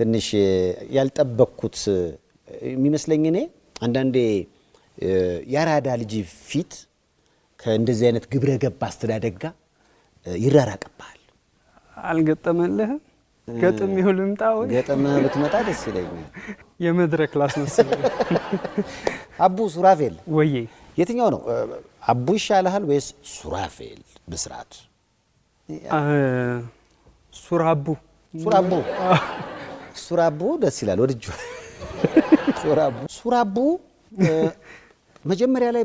ትንሽ ያልጠበቅኩት የሚመስለኝ እኔ አንዳንዴ የአራዳ ልጅ ፊት ከእንደዚህ አይነት ግብረ ገብ አስተዳደግ ጋር ይራራቅብሃል። አልገጠመልህም? ገጥም ይሁን ልምጣ ወይ ገጥም ብትመጣ ደስ ይለኛል። የመድረክ ላስመስል። አቡ ሱራፌል ወዬ፣ የትኛው ነው አቡ ይሻልሃል ወይስ ሱራፌል? ብስራት ሱራቡ ሱራቡ ሱራቡ ደስ ይላል። ወድጆ ሱራቡ መጀመሪያ ላይ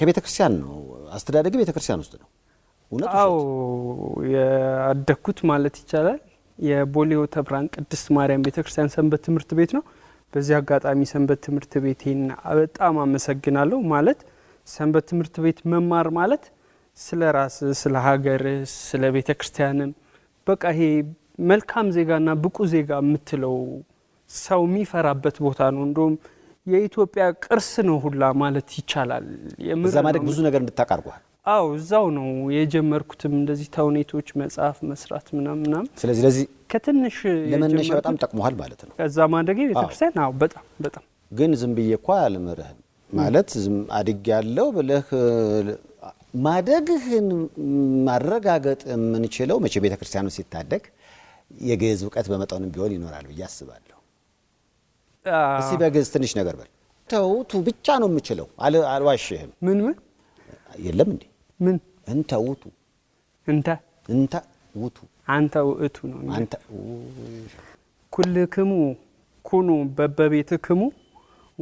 ከቤተ ክርስቲያን ነው አስተዳደግ፣ ቤተ ክርስቲያን ውስጥ ነው። አዎ ያደግኩት ማለት ይቻላል። የቦሌው ተብራን ቅድስት ማርያም ቤተ ክርስቲያን ሰንበት ትምህርት ቤት ነው። በዚህ አጋጣሚ ሰንበት ትምህርት ቤቴን በጣም አመሰግናለሁ። ማለት ሰንበት ትምህርት ቤት መማር ማለት ስለ ራስ፣ ስለ ሀገር፣ ስለ ቤተ ክርስቲያንም በቃ ይሄ መልካም ዜጋና ብቁ ዜጋ የምትለው ሰው የሚፈራበት ቦታ ነው። እንደውም የኢትዮጵያ ቅርስ ነው ሁላ ማለት ይቻላል። እዛ ማደግ ብዙ ነገር እንድታቃርጓል። አዎ እዛው ነው የጀመርኩትም እንደዚህ ተውኔቶች መጽሐፍ መስራት ምናምናም። ስለዚህ ለዚህ ከትንሽ ለመነሻ በጣም ጠቅመሃል ማለት ነው። ከዛ ማደግ ቤተክርስቲያን። አዎ በጣም በጣም ግን ዝም ብዬ እኳ አልምርህን ማለት ዝም አድግ ያለው ብለህ ማደግህን ማረጋገጥ የምንችለው መቼ ቤተክርስቲያኑ ሲታደግ የግዕዝ እውቀት በመጠኑም ቢሆን ይኖራል ብዬ አስባለሁ። እስቲ በግዕዝ ትንሽ ነገር በል። እንተውቱ ብቻ ነው የምችለው፣ አልዋሽህም። ምን ምን የለም እንዴ? ምን ውቱ እንተ እንተ ውቱ አንተ ውእቱ ነው። አንተ ኩልክሙ ኩኑ በበቤት ክሙ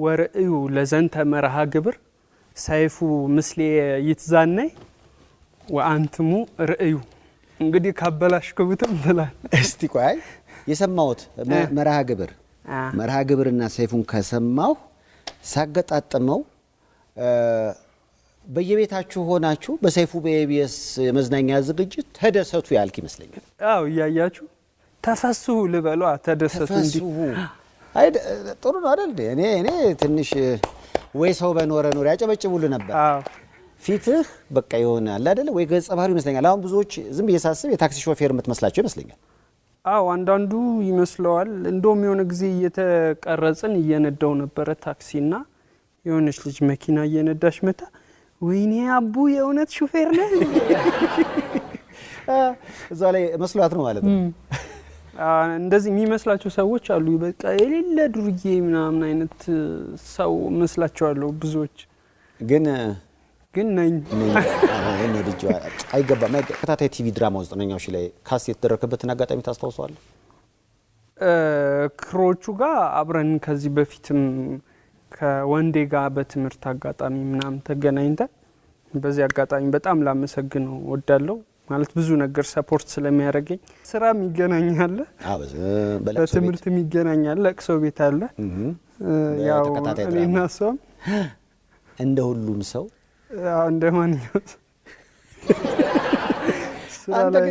ወርእዩ ለዘንተ መርሃ ግብር ሰይፉ ምስሌ ይትዛነይ ወአንትሙ ርእዩ እንግዲህ ካበላሽ ካበላሽኩብትም ብላል። እስቲ ቆይ የሰማሁት መርሃ ግብር መርሃ ግብርና ሰይፉን ከሰማሁ ሳገጣጥመው በየቤታችሁ ሆናችሁ በሰይፉ በኤቢኤስ የመዝናኛ ዝግጅት ተደሰቱ ያልክ ይመስለኛል። አዎ እያያችሁ ተፈስሁ ልበሏ ተደሰቱ። እንዲህ ጥሩ ነው አይደል? እኔ እኔ ትንሽ ወይ ሰው በኖረ ኖር ያጨበጭቡል ነበር። ፊትህ በቃ የሆነ አለ አደለ ወይ ገጸ ባህሪ ይመስለኛል። አሁን ብዙዎች ዝም ብዬ ሳስብ የታክሲ ሾፌር የምትመስላቸው ይመስለኛል። አዎ አንዳንዱ ይመስለዋል። እንደውም የሆነ ጊዜ እየተቀረጽን እየነዳው ነበረ ታክሲና የሆነች ልጅ መኪና እየነዳሽ መታ፣ ወይኔ አቡ የእውነት ሹፌር ነ እዛ ላይ መስሏት ነው ማለት ነው። እንደዚህ የሚመስላቸው ሰዎች አሉ። በቃ የሌለ ዱርዬ ምናምን አይነት ሰው መስላቸዋለሁ ብዙዎች ግን ግን ነኝ ልጅ አይገባም። ተከታታይ ቲቪ ድራማ ውስጥ ነኛው ላይ ካስ የተደረገበትን አጋጣሚ ታስታውሰዋል? ክሮቹ ጋር አብረን ከዚህ በፊትም ከወንዴ ጋር በትምህርት አጋጣሚ ምናምን ተገናኝተን በዚህ አጋጣሚ በጣም ላመሰግነው ወዳለው ማለት ብዙ ነገር ሰፖርት ስለሚያደርገኝ ስራም ይገናኛለ፣ በትምህርትም ይገናኛለ፣ ለቅሶ ቤት አለ። ያው እኔ እና እሷም እንደ ሁሉም ሰው እንደ ማንኛውም ላይ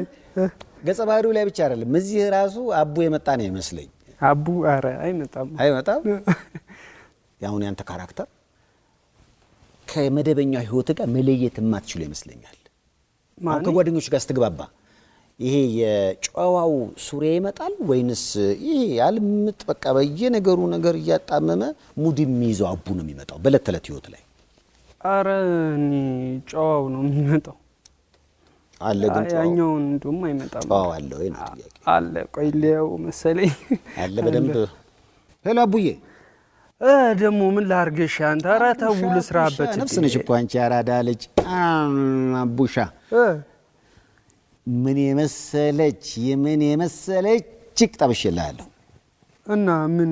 ገጸ ባህሪው ላይ ብቻ አይደለም፣ እዚህ ራሱ አቡ የመጣ ነው ይመስለኝ። አቡ ኧረ አይመጣም አይመጣም። የአሁን ያንተ ካራክተር ከመደበኛ ህይወት ጋር መለየት የማትችሉ ይመስለኛል። አሁን ከጓደኞች ጋር ስትግባባ ይሄ የጨዋው ሱሪ ይመጣል ወይንስ ይሄ አልምጥ በቃ በየነገሩ ነገር እያጣመመ ሙድ የሚይዘው አቡ ነው የሚመጣው በእለት ተዕለት ህይወት ላይ? ኧረ እኔ ጨዋው ነው የሚመጣው አለ ግን ያኛውን እንደውም አይመጣም። ጨዋው አለ ወይ ነው ጥያቄ? አለ ቆይ ሊያው መሰለኝ አለ በደንብ ሄሎ፣ አቡዬ ደግሞ ምን ላርገሽ አንተ? ኧረ ተው ልስራበት። ነፍስ ነሽ እኮ አንቺ አራዳ ልጅ አቡሻ። ምን የመሰለች ምን የመሰለች ጭቅ ጠብሽላለሁ እና ምን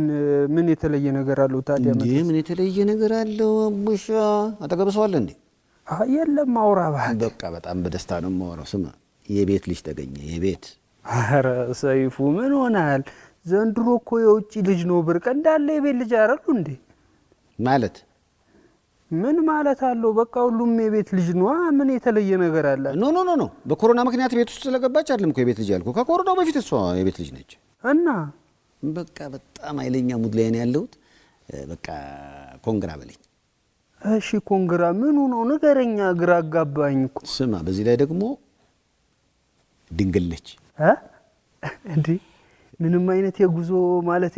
ምን የተለየ ነገር አለው ታዲያ? ምን የተለየ ነገር አለው? አቡሻ አጠገብ ሰው አለ እንዴ? የለም። አውራ ባህል በቃ በጣም በደስታ ነው የማወራው። ስማ፣ የቤት ልጅ ተገኘ። የቤት አረ ሰይፉ ምን ሆናል? ዘንድሮ እኮ የውጭ ልጅ ነው ብርቅ እንዳለ የቤት ልጅ አረሉ እንዴ? ማለት ምን ማለት አለው? በቃ ሁሉም የቤት ልጅ ነዋ። ምን የተለየ ነገር አለ? ኖ ኖ ኖ፣ በኮሮና ምክንያት ቤት ውስጥ ስለገባች አይደለም እኮ የቤት ልጅ ያልኩ። ከኮሮናው በፊት እሷ የቤት ልጅ ነች እና በቃ በጣም ኃይለኛ ሙድ ላይ ነው ያለሁት። በቃ ኮንግራ በለኝ። እሺ ኮንግራ ምኑ ነው ንገረኛ፣ ግራ አጋባኝ እኮ። ስማ፣ በዚህ ላይ ደግሞ ድንግል ነች እንዴ? ምንም አይነት የጉዞ ማለት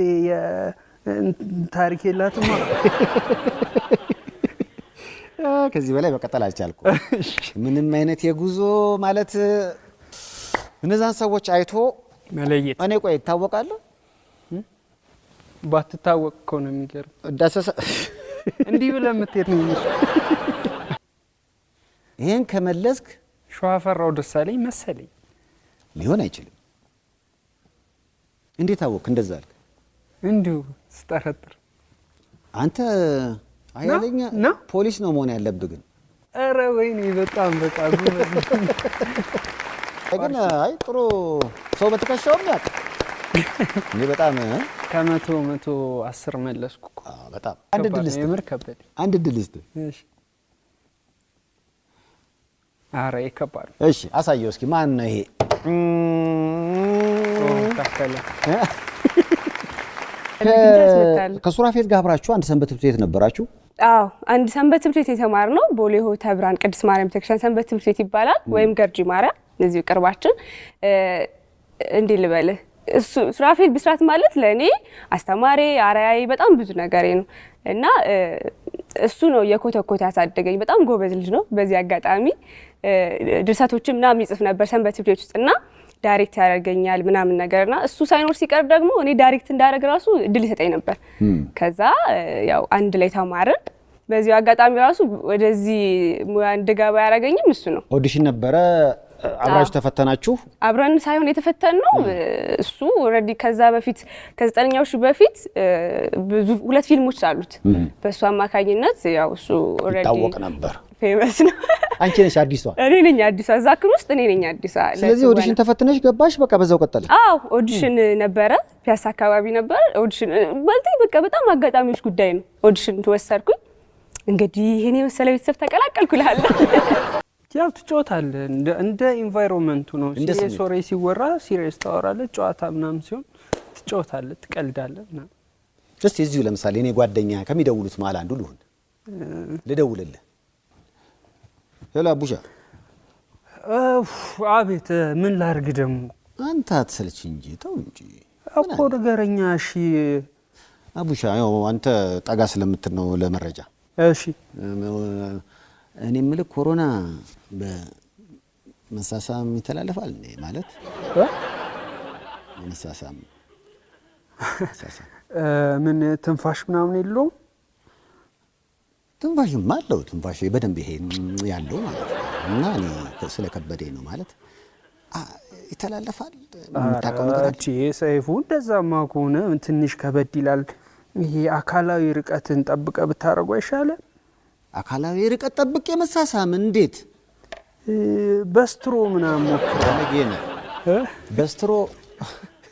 ታሪክ የላትማ። ከዚህ በላይ በቀጠል አልቻልኩ። ምንም አይነት የጉዞ ማለት እነዛን ሰዎች አይቶ መለየት። እኔ ቆይ ይታወቃለሁ ባትታወቅ እኮ ነው የሚገርም። ዳሰሳ እንዲህ ብለህ የምትሄድ ነው። ይህን ከመለስክ ሸዋፈራው ደሳለኝ መሰለኝ ሊሆን አይችልም። እንዴት አወቅ? እንደዛ አልክ። እንዲሁ ስጠረጥር አንተ አያለኛ ፖሊስ ነው መሆን ያለብህ ግን ኧረ ወይኔ በጣም በጣም ግን አይ ጥሩ ሰው በትከሻውም ያውቅ እኔ በጣም ከመቶ መቶ አስር መለስኩ። በጣም አንድ ድል ስ የምር አንድ ድል ስ አረ እሺ አሳየው እስኪ ማን ነው ይሄ? ከሱራፌል ጋር አብራችሁ አንድ ሰንበት ትምህርት ቤት ነበራችሁ? አዎ አንድ ሰንበት ትምህርት ቤት የተማር ነው። ቦሌ ሆተ ብርሃን ቅድስት ማርያም ቤተክርስቲያን ሰንበት ትምህርት ቤት ይባላል፣ ወይም ገርጂ ማርያም እዚሁ ቅርባችን። እንዲህ ልበልህ ሱራፌል ብስራት ማለት ለእኔ አስተማሪ አራያይ በጣም ብዙ ነገሬ ነው እና እሱ ነው የኮተኮተ ያሳደገኝ። በጣም ጎበዝ ልጅ ነው። በዚህ አጋጣሚ ድርሰቶችን ምናምን ይጽፍ ነበር ሰንበት ትምህርት ቤት ውስጥ እና ዳይሬክት ያደርገኛል ምናምን ነገርና እሱ ሳይኖር ሲቀር ደግሞ እኔ ዳይሬክት እንዳደረግ ራሱ እድል ይሰጠኝ ነበር። ከዛ ያው አንድ ላይ ተማርን። በዚሁ አጋጣሚ ራሱ ወደዚህ ሙያ እንድገባ ያደረገኝም እሱ ነው። ኦዲሽን ነበረ አብራችሁ ተፈተናችሁ? አብረን ሳይሆን የተፈተን ነው እሱ ኦልሬዲ ከዛ በፊት ከዘጠነኛው ሺ በፊት ብዙ ሁለት ፊልሞች አሉት። በእሱ አማካኝነት ያው እሱ ኦልሬዲ ይታወቅ ነበር። ፌመስ ነው። አንቺ ነሽ አዲሷ? እኔ ነኝ አዲሷ። እዛ ክን ውስጥ እኔ ነኝ አዲሷ። ስለዚህ ኦዲሽን ተፈትነሽ ገባሽ? በቃ በዛው ቀጠለ? አዎ ኦዲሽን ነበረ፣ ፒያሳ አካባቢ ነበር ኦዲሽን። በልጤ በቃ በጣም አጋጣሚዎች ጉዳይ ነው ኦዲሽን ተወሰድኩኝ። እንግዲህ ይሄን የመሰለ ቤተሰብ ተቀላቀልኩ ያው ትጫወታለህ። እንደ ኢንቫይሮንመንቱ ነው። ሲሪየስ ወሬ ሲወራ ሲሪየስ ታወራለ፣ ጨዋታ ምናምን ሲሆን ትጫወታለህ፣ ትቀልዳለ። ምናምን። እስቲ እዚሁ ለምሳሌ እኔ ጓደኛ ከሚደውሉት መሀል አንዱ ልሁን፣ ልደውልልህ። ሄሎ አቡሻ። አቤት። ምን ላርግ ደግሞ? አንተ አትሰልች እንጂ ተው እንጂ እኮ ነገረኛ። እሺ አቡሻ፣ ያው አንተ ጠጋ ስለምትል ነው ለመረጃ። እሺ እኔ የምልህ ኮሮና በመሳሳም ይተላለፋል እ ማለት መሳሳም ምን ትንፋሽ ምናምን የለውም? ትንፋሽም አለው። ትንፋሽ በደንብ ይሄ ያለው ማለት ነው። እና እኔ ስለ ከበዴ ነው ማለት ይተላለፋል። ሰይፉ እንደዛማ ከሆነ ትንሽ ከበድ ይላል። ይሄ አካላዊ ርቀትን ጠብቀ ብታደርጉ አይሻለም? አካላዊ ርቀት ጠብቅ የመሳሳም እንዴት በስትሮ ምናምን ሞክራለሁ። በስትሮ